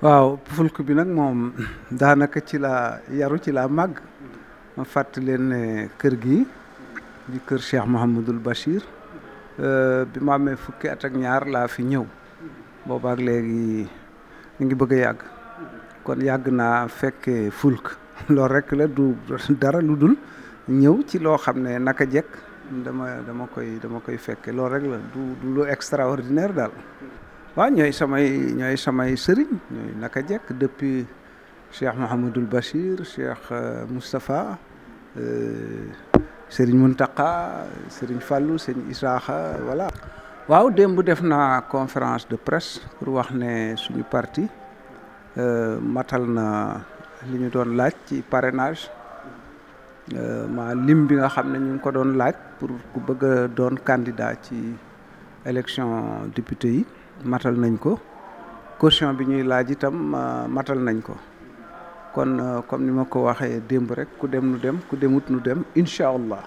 waaw fulk bi nag moom daanaka ci laa yaru ci laa màgg ma fàttali leen kër gi di kër Cheikh Mouhamadul Bachir euh, bi ma amee fukki at ak ñaar laa fi ñëw boobaak léegi ñu ngi bëgg a yàgg kon yàgg naa fekkee fulk loolu rek la du dara lu dul ñëw ci loo xam ne naka jekk dama dama koy dama koy fekke loolu rek la du du lu extraordinaire daal waaw ñooy samay ñooy samay sëriñ ñooy naka jekk depuis cheikh Mouhamadul Bachir cheikh euh, Moustapha euh, sëriñ Mountakha sëriñ Fallou sëriñ Isaaxa voilà. waaw démb def naa conférence de presse pour wax ne suñu parti euh, matal na li ñu doon laaj ci parrainage. ma lim bi nga xam ne ñu ngi ko doon laaj pour ku bëgg doon candidat ci élection député yi matal nañ ko caution bi ñuy laaj itam euh, matal nañ ko kon euh, comme ni ma ko waxee démb rek ku dem nu dem ku demut nu dem incha allah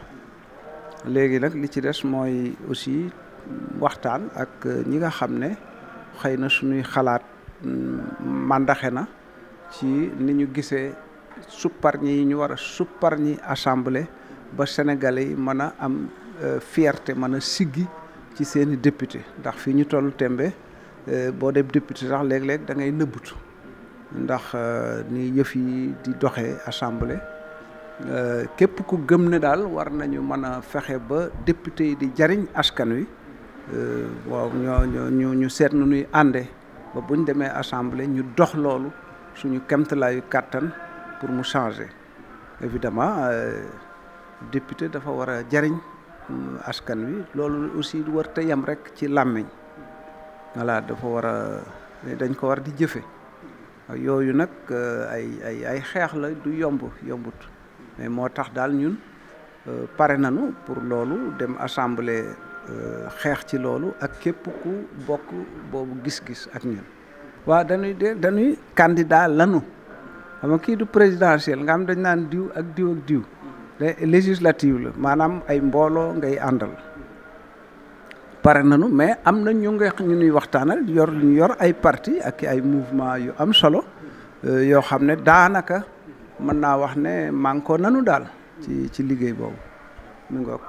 léegi nag li ci des mooy aussi waxtaan ak euh, ñi nga xam ne xëy na suñuy xalaat mm, màndaxe na ci ni ñu gisee supparñi yi ñu war a ñi assemblée ba sénégalais yi mën a am fierté mën a siggi ci seeni député ndax fii ñu toll tembe euh, boo dem député sax léeg-léeg da ngay nëbbutu ndax euh, ni yëf yi di doxee assemblée euh, képp ku gëm ne daal war nañu mën a fexe ba député yi di jariñ askan wi waaw ñoo ñu ñu seet nu nuy ànde ba buñ demee assemblée ñu dox loolu suñu kemtalaayu kàttan pour mu changer évidemment député dafa war a jariñ askan wi loolu aussi war te yam rek ci làmmiñ voilà dafa war a dañ ko war di jëfe yooyu nag euh, ay ay ay xeex la du yomb yombut mais moo tax daal ñun euh, pare nañu pour loolu dem assemblée euh, xeex ci loolu ak képp ku bokk boobu gis-gis ak ñun waa dañuy de dañuy candidat lanu xam nga kii du présidentiel nga xam dañ naan diw ak diw ak diw législative la maanaam ay mbooloo ngay àndal pare nañu mais am na ñu nga ñu ñuy waxtaanal yor lu ñu yor ay parti ak ay mouvement yu am solo euh, yoo xam ne daanaka mën naa wax ne manko nanu daal ci ci liggéey boobu mu ngoog